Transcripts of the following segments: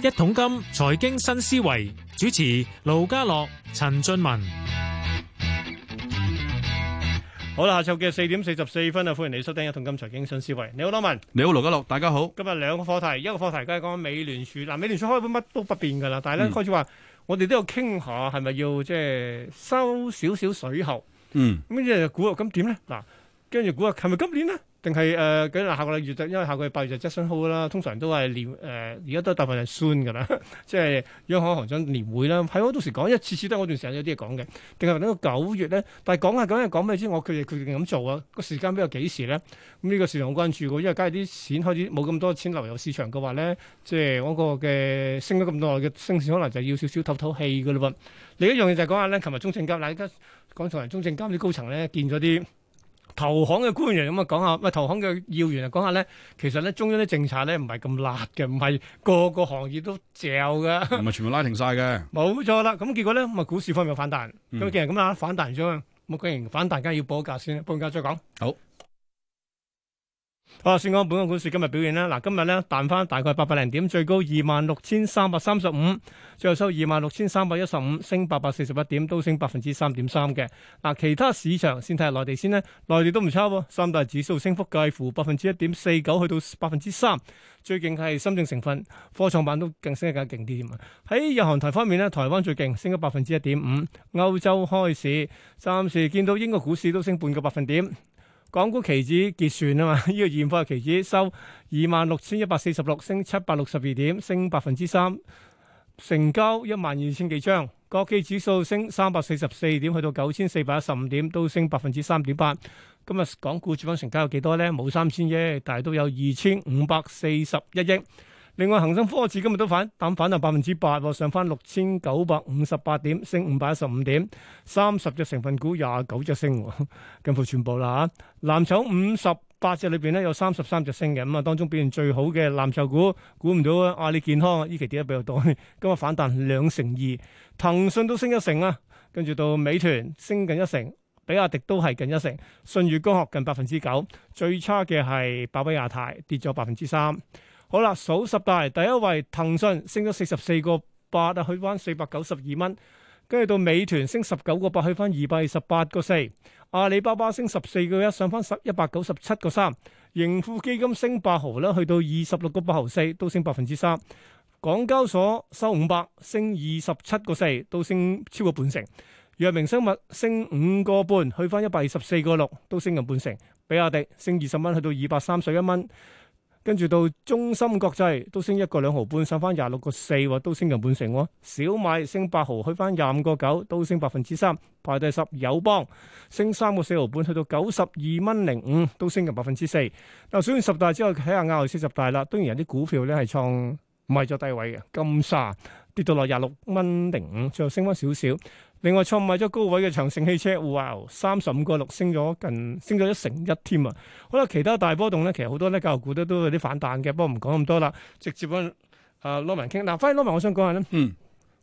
一桶金財經新思維主持盧家樂、陳俊文，好啦，下晝嘅四點四十四分啊，歡迎你收聽一桶金財經新思維。你好，俊文，你好，盧家樂，大家好。今日兩個課題，一個課題，梗係講美聯儲。嗱，美聯儲開會乜都不變噶啦，但係咧，開始話，我哋都要傾下，係咪要即係收少少水喉？嗯，咁即係股，咁點咧？嗱，跟住股又係咪今年咧？定係誒日下個禮月就，因為下個月八月就 Jackson Hole 啦，通常都係年誒，而、呃、家都大部分係宣嘅啦， 即係央行行長年會啦。喺我到時講，一次次都嗰段時間有啲嘢講嘅。定係等到九月咧？但係講下講下講咩先？我佢哋決定咁做啊！個時間比較幾時咧？咁呢個市場好關注喎，因為梗係啲錢開始冇咁多錢流入市場嘅話咧，即係嗰個嘅升咗咁耐嘅升市，可能就要少少透透氣嘅嘞噃。另一樣嘢就係講下咧，琴日中證監。嗱，而家講從嚟中證監啲高層咧見咗啲。投行嘅官員咁啊講下，咪投行嘅要員嚟講下咧，其實咧中央啲政策咧唔係咁辣嘅，唔係個個行業都嚼㗎，係咪全部拉停晒嘅？冇 錯啦，咁結果咧咪股市方面有反彈，咁、嗯、既然咁啦，反彈咗，咁既然反彈然，梗係要報價先啦，報價再講。好。好啦，先講本港股市今日表現啦。嗱，今日咧彈翻大概八百零點，最高二萬六千三百三十五，最後收二萬六千三百一十五，升八百四十一點，都升百分之三點三嘅。嗱，其他市場先睇下內地先咧，內地都唔差，三大指數升幅介乎百分之一點四九去到百分之三，最勁係深圳成分科創板都更升得更勁啲添啊。喺日韓台方面咧，台灣最勁，升咗百分之一點五。歐洲開市，暫時見到英國股市都升半個百分點。港股期指結算啊嘛，呢個現貨期指收二萬六千一百四十六，升七百六十二點，升百分之三。成交一萬二千幾張，國企指數升三百四十四點，去到九千四百一十五點，都升百分之三點八。今日港股主板成交有幾多呢？冇三千啫，但係都有二千五百四十一億。另外，恒生科技今日都反，但反彈百分之八，上翻六千九百五十八點，升五百一十五點，三十隻成分股廿九隻升，近乎全部啦嚇。藍籌五十八隻裏邊咧，有三十三隻升嘅，咁啊，當中表現最好嘅藍籌股，估唔到啊。阿里健康啊，依期跌得比較多，今日反彈兩成二。騰訊都升一成啊，跟住到美團升近一成，比亞迪都係近一成，舜宇光學近百分之九，最差嘅係百威亞太跌咗百分之三。好啦，數十大第一位騰訊升咗四十四個八啊，去翻四百九十二蚊。跟住到美團升十九個八，去翻二百二十八個四。阿里巴巴升十四個一，上翻一百九十七個三。盈富基金升八毫啦，去到二十六個八毫四，都升百分之三。港交所收五百，升二十七個四，都升超過半成。藥明生物升五個半，去翻一百二十四個六，都升近半成。比亞迪升二十蚊，去到二百三十一蚊。跟住到中心國際都升一個兩毫半，上翻廿六個四，話都升近半成。小米升八毫，去翻廿五個九，都升百分之三，排第十。友邦升三個四毫半，去到九十二蚊零五，都升近百分之四。嗱，講完十大之後，睇下亞匯四十大啦。當然有啲股票咧係創唔係咗低位嘅，金沙跌到落廿六蚊零五，最後升翻少少。另外，購買咗高位嘅長城汽車，哇，三十五個六，升咗近，升咗一成一添啊！好啦，其他大波動咧，其實好多咧，教育股都都有啲反彈嘅，不過唔講咁多啦，直接啊羅文傾。嗱、啊啊，反而羅文，我想講下咧，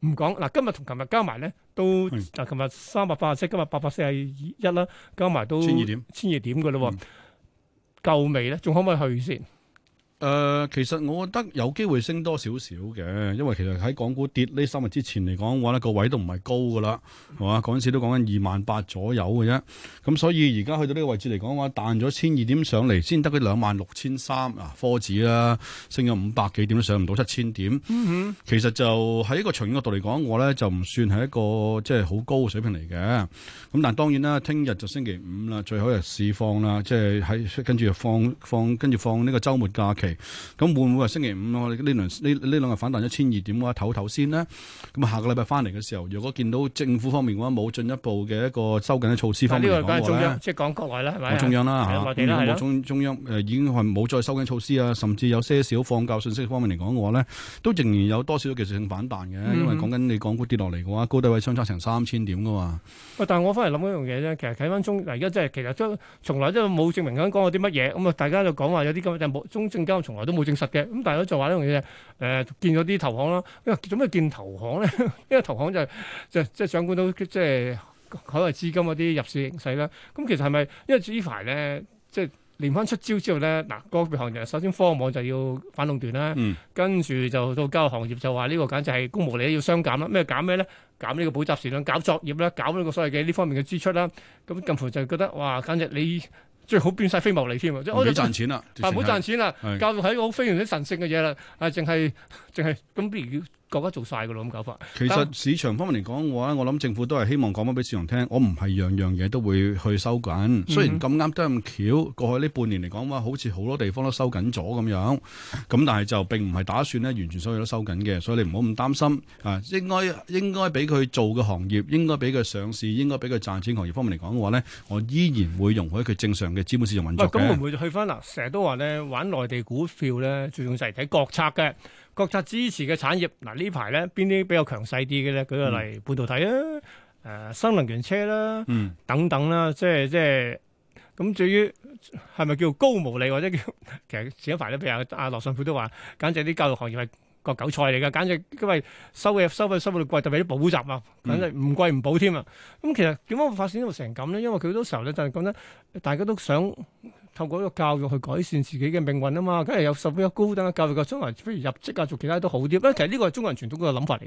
唔講。嗱，今日同琴日加埋咧，都嗱，琴日三百八十七，啊、7, 今日八百四十一啦，加埋都千二點，千二點嘅嘞喎，夠未咧？仲可唔可以去先？誒、呃，其實我覺得有機會升多少少嘅，因為其實喺港股跌呢三日之前嚟講嘅話，個位都唔係高噶啦，係嘛、mm？嗰、hmm. 陣、啊、時都講緊二萬八左右嘅啫，咁所以而家去到呢個位置嚟講嘅話，彈咗千二點上嚟，先得佢兩萬六千三啊，科指啦，升咗五百幾點都上唔到七千點。7, 點 mm hmm. 其實就喺一個長遠角度嚟講，我咧就唔算係一個即係好高嘅水平嚟嘅。咁但係當然啦，聽日就星期五啦，最好係市放啦，即係喺跟住放放跟住放呢個周末假期。咁會唔會話星期五我哋呢兩呢呢兩日反彈一千二點嘅話，唞唞先呢？咁啊，下個禮拜翻嚟嘅時候，如果見到政府方面嘅話，冇進一步嘅一個收緊嘅措施方面，呢個都係中央，即係講國內啦，係咪中央啦係中，中央、呃、已經係冇再收緊措施啊！甚至有些少放救信息方面嚟講嘅話呢，都仍然有多少嘅技術性反彈嘅。嗯、因為講緊你港股跌落嚟嘅話，高低位相差成三千點㗎嘛。但係我翻嚟諗一樣嘢咧，其實睇翻中而家真係其實都從來都冇證明緊講過啲乜嘢。咁啊，大家就講話有啲咁嘅冇中證交。從來都冇證實嘅，咁但係都就話啲嘢誒，見咗啲投行啦，因、啊、為做咩見投行咧？因為投行就係、是、就即係掌管到即係海外資金嗰啲入市形勢啦。咁、啊、其實係咪因為呢排咧，即、就、係、是、連翻出招之後咧，嗱、啊那個別行業首先科網，網就要反壟斷啦，嗯、跟住就到交行業就話呢、這個簡直係公務利要雙減啦。咩減咩咧？減呢個補習時量，搞作業啦，搞呢個所謂嘅呢方面嘅支出啦。咁、啊、近乎就覺得哇，簡直你～最好變曬非牟利添啊！唔好賺錢啦，唔好是賺錢啦，教育係一個好非常之神聖嘅嘢啦，係淨係。即係咁，不如國家做曬噶咯，咁搞法。其實市場方面嚟講嘅話，我諗政府都係希望講翻俾市場聽，我唔係樣樣嘢都會去收緊。嗯嗯，雖然咁啱得咁巧，過去呢半年嚟講話，好似好多地方都收緊咗咁樣。咁但係就並唔係打算咧，完全所有都收緊嘅，所以你唔好咁擔心。啊，應該應該俾佢做嘅行業，應該俾佢上市，應該俾佢賺錢行業方面嚟講嘅話咧，我依然會容許佢正常嘅資本市場運作。喂，咁會唔會去翻嗱？成日都話咧，玩內地股票咧，最重要就係睇國策嘅。國策支持嘅產業，嗱呢排咧邊啲比較強勢啲嘅咧？舉個例，半導體啊，誒、啊，新能源車啦、啊，嗯、等等啦、啊，即係即係咁。至於係咪叫做高毛利或者叫，其實前一排咧，譬如阿阿羅信富都話，簡直啲教育行業係割韭菜嚟㗎，簡直佢係收費收費收費到貴，特別啲補習啊，簡直唔貴唔補添啊。咁、嗯、其實點解會發展到成咁咧？因為佢好多時候咧就係覺得大家都想。透過個教育去改善自己嘅命運啊嘛，梗係有受啲高等嘅教育嘅，將來不如入職啊，做其他都好啲。咁其實呢個係中國人傳統嘅諗法嚟嘅。誒、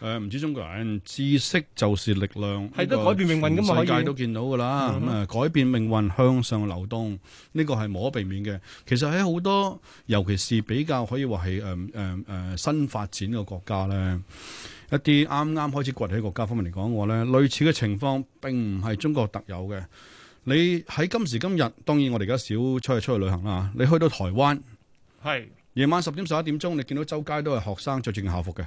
呃，唔止中國人，知識就是力量，係的都改變命運嘅嘛。世界都見到噶啦，咁啊改變命運向上流動，呢、嗯哼這個係冇可避免嘅。其實喺好多，尤其是比較可以話係誒誒誒新發展嘅國家咧，一啲啱啱開始崛起嘅國家方面嚟講，我咧類似嘅情況並唔係中國特有嘅。你喺今時今日，當然我哋而家少出去出去旅行啦。你去到台灣，係夜晚十點十一點鐘，你見到周街都係學生着住校服嘅。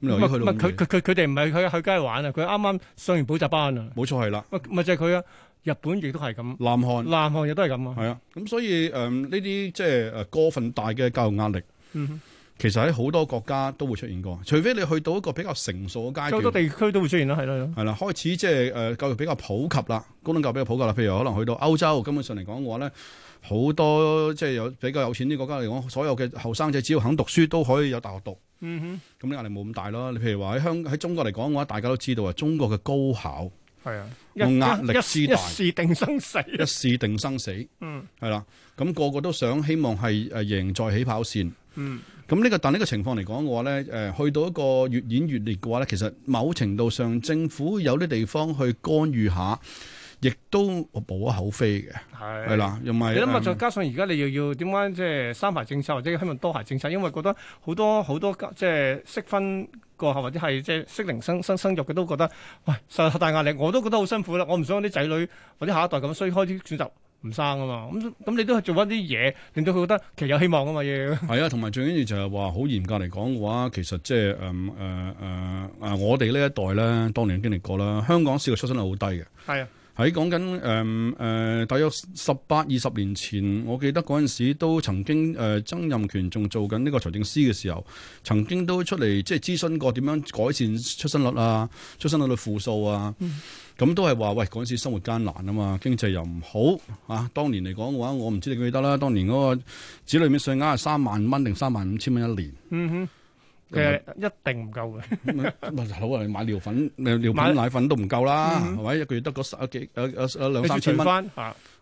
咁佢佢佢哋唔係去去街玩啊，佢啱啱上完補習班啊。冇錯係啦。咪就係佢啊！日本亦都係咁。南韓南韓亦都係咁啊。係啊，咁所以誒呢啲即係誒過分大嘅教育壓力。嗯哼。其實喺好多國家都會出現過，除非你去到一個比較成熟嘅階段，好多地區都會出現啦，係啦，係啦，開始即係誒教育比較普及啦，高等教育比較普及啦。譬如可能去到歐洲，根本上嚟講嘅話咧，好多即係有比較有錢啲國家嚟講，所有嘅後生仔只要肯讀書都可以有大學讀，嗯哼，咁你壓力冇咁大咯。你譬如話喺香喺中國嚟講嘅話，大家都知道啊，中國嘅高考係啊，壓力之大,一,一試定生死，一試定生死，嗯，係啦，咁、那個個都想希望係誒贏在起跑線，嗯。咁呢個但呢個情況嚟講嘅話咧，誒去到一個越演越烈嘅話咧，其實某程度上政府有啲地方去干預下，亦都無可厚非嘅。係係啦，又咪為你諗下，再加上而家你又要點樣即係三孩政策或者希望多孩政策，因為覺得好多好多即係適婚個或者係即係適齡生生生育嘅都覺得，喂，實在太大壓力，我都覺得好辛苦啦，我唔想啲仔女或者下一代咁衰開始選擇。唔生啊嘛，咁咁你都係做翻啲嘢，令到佢覺得其實有希望啊嘛，要 係啊，同埋最緊要就係話好嚴格嚟講嘅話，其實即係誒誒誒誒，我哋呢一代咧，當年經歷過啦，香港市嘅出生率好低嘅。係啊，喺講緊誒誒，大約十八二十年前，我記得嗰陣時都曾經誒、呃，曾蔭權仲做緊呢個財政司嘅時候，曾經都出嚟即係諮詢過點樣改善出生率啊、出生率嘅負數啊。嗯。咁都係話喂，嗰陣時生活艱難啊嘛，經濟又唔好啊。當年嚟講嘅話，我唔知你記得啦。當年嗰個子女免稅額係三萬蚊定三萬五千蚊一年。嗯哼，其實，就是，一定唔夠嘅。唔好啊，你買尿粉，尿片奶粉都唔夠啦，或者，嗯、哼一個月得嗰十幾，誒誒兩三千蚊。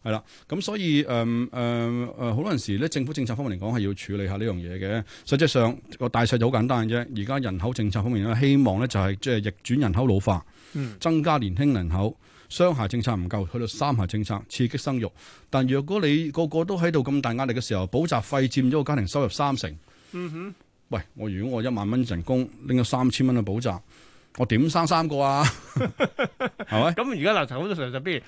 係啦，咁所以誒誒誒，好，嗯呃，多陣時咧，政府政策方面嚟講係要處理下呢樣嘢嘅。實際上個大勢就好簡單嘅啫。而家人口政策方面咧，希望咧就係即係逆轉人口老化。嗯、增加年輕人口，雙孩政策唔夠，去到三孩政策刺激生育。但若果你個個都喺度咁大壓力嘅時候，補習費佔咗個家庭收入三成。嗯哼，喂，我如果我一萬蚊人工拎咗三千蚊去補習，我點生三個啊？係 咪、 嗯？咁而家立場好多時候就變。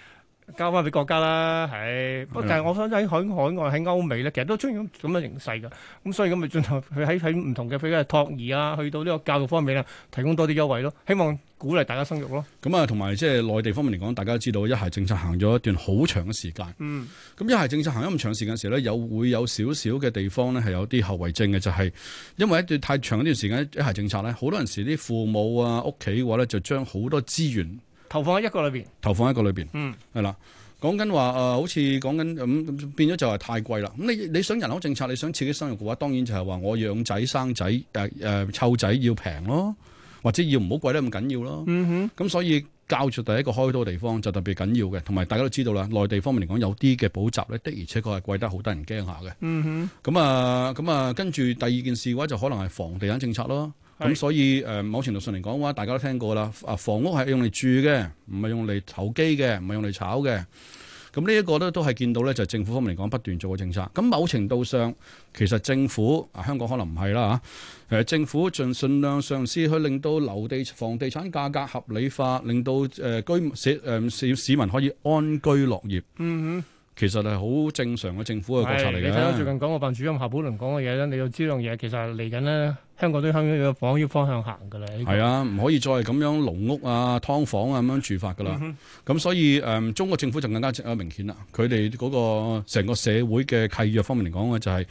交翻俾國家啦，誒，不過但係我想喺海海外喺歐美咧，其實都出現咁嘅形勢嘅，咁所以咁咪盡頭佢喺喺唔同嘅譬如託兒啊，去到呢個教育方面啦，提供多啲優惠咯，希望鼓勵大家生育咯。咁啊，同埋即係內地方面嚟講，大家都知道一孩政策行咗一段好長嘅時間。嗯，咁一孩政策行咗咁長時間時咧，有會有少少嘅地方咧係有啲後遺症嘅，就係、是、因為一段太長一段時間一孩政策咧，好多陣時啲父母啊屋企嘅話咧，就將好多資源，投放喺一個裏邊，投放喺一個裏邊，嗯呃，嗯係啦，講緊話誒，好似講緊咁，變咗就係太貴啦。咁你你想人口政策，你想刺激生育嘅話，當然就係話我養仔生仔誒誒湊仔要平咯，或者要唔好貴得咁緊要咯。嗯哼，咁所以教住第一個開刀嘅地方就特別緊要嘅，同埋大家都知道啦，內地方面嚟講有啲嘅補習咧的而且確係貴得好得人驚下嘅。嗯哼，咁啊咁啊，跟住第二件事嘅話就可能係房地產政策咯。咁所以誒、呃，某程度上嚟講話，大家都聽過啦。啊，房屋係用嚟住嘅，唔係用嚟投機嘅，唔係用嚟炒嘅。咁呢一個咧，都係見到咧，就係、是、政府方面嚟講不斷做嘅政策。咁某程度上，其實政府啊，香港可能唔係啦嚇。誒、呃，政府盡儘量嘗試去令到樓地房地產價格合理化，令到誒、呃、居社誒小市民可以安居樂業。嗯哼，其實係好正常嘅政府嘅國策嚟嘅。你睇下最近講嘅辦主任夏寶龍講嘅嘢咧，你就知樣嘢其實嚟緊咧。香港都香港個房呢方向行噶啦，係啊，唔可以再咁樣籠屋啊、劏房啊咁樣住法噶啦。咁、嗯、哼所以誒、嗯，中國政府就更加啊明顯啦。佢哋嗰個成個社會嘅契約方面嚟講咧，就係。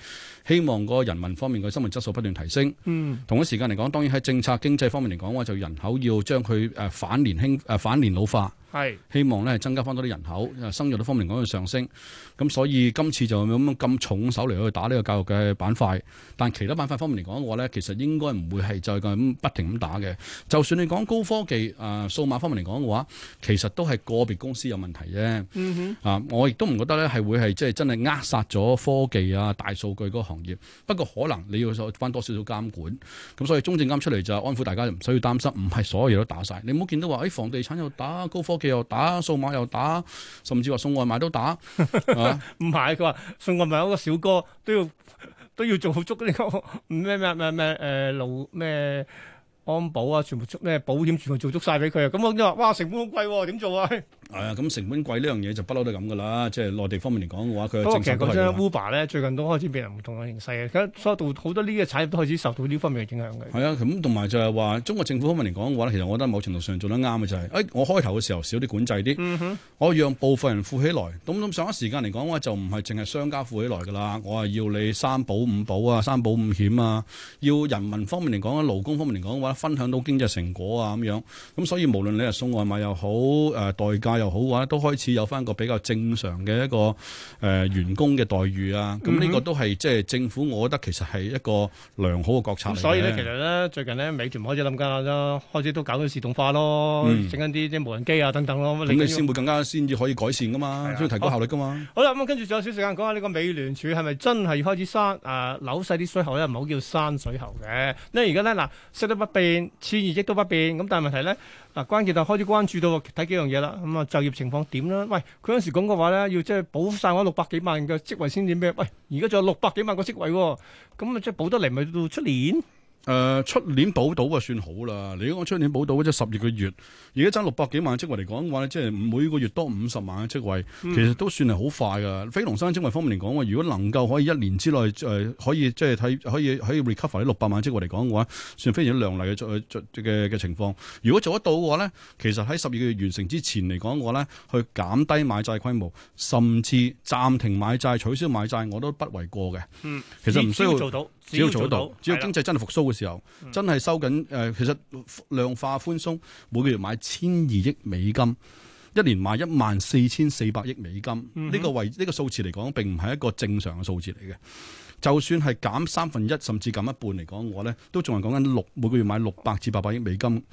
希望個人民方面嘅生活質素不斷提升。嗯，同一時間嚟講，當然喺政策經濟方面嚟講嘅話，就人口要將佢誒反年輕誒反年老化。係是希望咧增加翻多啲人口，生育嘅方面嚟講嘅上升。咁所以今次就咁咁重手嚟去打呢個教育嘅板塊。但其他板塊方面嚟講嘅話咧，其實應該唔會係就係咁不停咁打嘅。就算你講高科技誒、呃、數碼方面嚟講嘅話，其實都係個別公司有問題啫。嗯、哼啊，我亦都唔覺得咧係會係即係真係扼殺咗科技啊大數據行業，不過可能你要翻多少少監管，咁所以中證監出嚟就安撫大家，就唔需要擔心，唔係所有嘢都打晒。你唔好見到話，誒、哎，房地產又打，高科技又打，數碼又打，甚至話送外賣都打。唔係、 啊，佢話 送外賣嗰個小哥都要都要做好足呢啲咩咩咩咩誒路咩安保啊，全部足咩保險全部做足晒俾佢啊。咁我話哇，成本好貴，啊，點做啊？ 係啊，咁、哎、成本貴呢樣嘢就不嬲都咁噶啦，即係內地方面嚟講嘅話，佢嘅、哦、政策都係，其實張 Uber 咧，最近都開始俾人唔同嘅形勢嘅，咁所以到好多呢啲產業都開始受到呢方面嘅影響嘅。係啊、哎，咁同埋就係話，中國政府方面嚟講嘅話其實我覺得某程度上做得啱嘅就係、是，誒、哎，我開頭嘅時候少啲管制啲，嗯、哼我讓部分人富起來。咁、嗯、咁、嗯、上一時間嚟講嘅話，就唔係淨係商家富起來噶啦，我係要你三保五保啊，三保五險啊，要人民方面嚟講啊，勞工方面嚟講嘅話，分享到經濟成果啊，咁樣。咁、嗯、所以無論你係送外賣又好，誒、呃呃，代駕，又好啊，都開始有翻個比較正常嘅一個誒、呃呃、員工嘅待遇啊，咁呢、嗯、哼個都係即係政府，我覺得其實係一個良好嘅國策、嗯、所以咧，其實咧最近咧，美團開始諗緊啦，開始都搞緊自動化咯，整緊啲啲無人機啊等等咯。咁你先會更加先至可以改善噶嘛，先要提高效率噶嘛。嗯啊、好啦，咁跟住仲有少時間講下呢個美聯儲係咪真係要開始刪誒扭細啲水喉咧？唔好叫山水喉嘅。因為而家咧嗱，息率不變，千二億都不變，咁但係問題咧。嗱，關鍵就開始關注到睇幾樣嘢啦，咁啊就業情況點啦？喂，佢嗰時講嘅話咧，要即係補晒嗰六百幾萬個職位先至咩？喂，而家仲有六百幾萬個職位喎，咁啊即係補得嚟咪到出年？誒，出、呃、年補到啊，算好啦。你講出年補到，即十二個月，而家爭六百幾萬職位嚟講嘅話咧，即係每個月多五十萬嘅職位，嗯、其實都算係好快㗎。非農新職位方面嚟講話，如果能夠可以一年之內誒、呃，可以即係睇，可以可以 recover 六百萬職位嚟講嘅話，算非常亮麗嘅嘅嘅情況。如果做得到嘅話咧，其實喺十二個月完成之前嚟講嘅話咧，去減低買債規模，甚至暫停買債、取消買債，我都不為過嘅。嗯，其實唔需要做到。嗯只要做得到，只要經濟真係復甦嘅時候，嗯、真係收緊誒、呃。其實量化寬鬆，每個月買千二億美金，一年買一萬四千四百億美金。呢個位呢個數字嚟講，並唔係一個正常嘅數字嚟嘅。就算係減三分一，甚至減一半嚟講，我咧都仲係講緊六每個月買六百至八百億美金。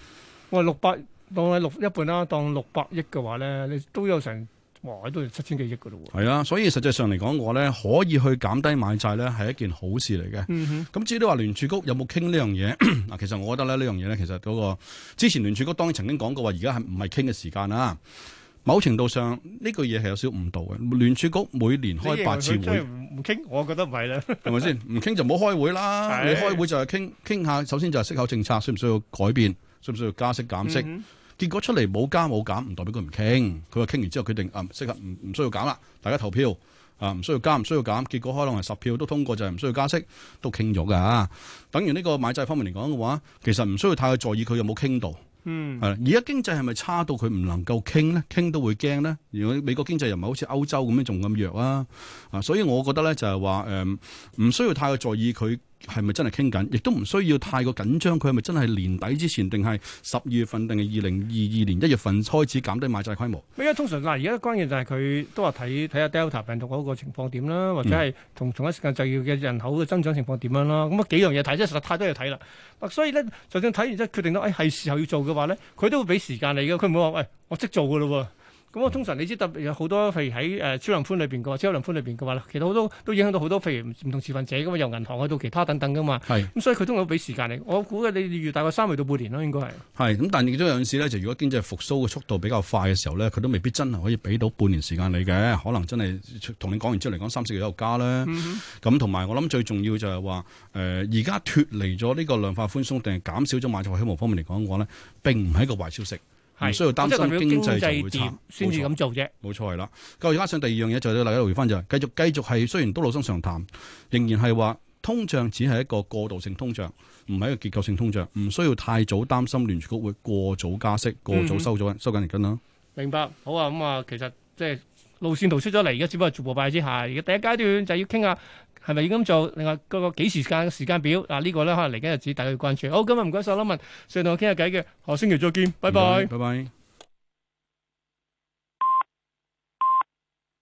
我係六百當係六一半啦，當六百億嘅話咧，你都有成。哇！都要七千幾億噶咯喎，係啊，所以實際上嚟講，我咧可以去減低買債咧，係一件好事嚟嘅。咁、嗯、哼至於你話聯儲局有冇傾呢樣嘢嗱，其實我覺得咧呢樣嘢咧，其實嗰、那個之前聯儲局當然曾經講過話，而家係唔係傾嘅時間啦。某程度上呢句嘢係有少誤導嘅。聯儲局每年開八次會，唔傾，我覺得唔係啦，係咪先？唔傾就冇開會啦。是你開會就係傾傾下，首先就係息口政策需唔需要改變，需唔需要加息減息？嗯結果出嚟，冇加冇減，唔代表佢唔傾。佢話傾完之後決定誒，適合唔唔需要減啦，大家投票啊，唔需要加唔需要減。結果可能係十票都通過，就係、是、唔需要加息，都傾咗噶。等於呢個買債方面嚟講嘅話，其實唔需要太去在意佢有冇傾到。嗯，而家、啊、經濟係咪差到佢唔能夠傾咧，傾都會驚咧。如果美國經濟又唔係好似歐洲咁樣仲咁弱啊，啊，所以我覺得咧就係話誒，唔、嗯、需要太去在意佢。係咪真係傾緊？亦都唔需要太過緊張。佢係咪真係年底之前，定係十二月份，定係二零二二年一月份開始減低買債規模？咪啊，通常嗱，而家關鍵就係佢都話睇睇下 Delta 病毒嗰個情況點啦，或者係同同一時間就要嘅人口嘅增長情況點樣啦。咁啊幾樣嘢睇啫，實在太多嘢睇啦。所以咧，就算睇完之後決定到，誒、哎、係時候要做嘅話咧，佢都會俾時間你嘅。佢唔會話，喂、哎，我即做嘅咯喎。咁我通常你知特別有好多，譬如喺誒超量寬裏邊嘅話，超量寬裏邊嘅話咧，其實好多都影響到好多，譬如唔同持份者咁啊，由銀行去到其他等等嘅嘛。係是。咁所以佢都有俾時間你，我估計你預大概三月到半年咯，應該係。係，咁但係其中有陣時咧，就如果經濟復甦嘅速度比較快嘅時候咧，佢都未必真係可以俾到半年時間你嘅，可能真係同你講完之後嚟講三四月又加啦。咁同埋我諗最重要就係話，誒而家脫離咗呢個量化寬鬆，定係減少咗買債希望方面嚟講嘅話咧，並唔係一個壞消息。唔需要擔心經濟就會差，先至咁做啫。冇錯啦。咁而加上第二樣嘢，就咧、是，大家回翻就係繼續繼續係，雖然都老生常談，仍然係話通脹只係一個過渡性通脹，唔係一個結構性通脹，唔需要太早擔心聯儲局會過早加息、過早收咗緊、嗯、收緊嚟緊啦。明白。好啊，咁、嗯、啊，其實即係。路線圖出咗嚟，而家只不過逐步拜之下。而家第一階段就要傾下係咪要咁做，另外嗰個幾時間嘅時間表。嗱、啊這個、呢個咧可能嚟緊日子大家要關注。好，今日唔該曬啦，俊文上嚟同我傾下偈嘅，下星期再見，拜拜、嗯，拜拜。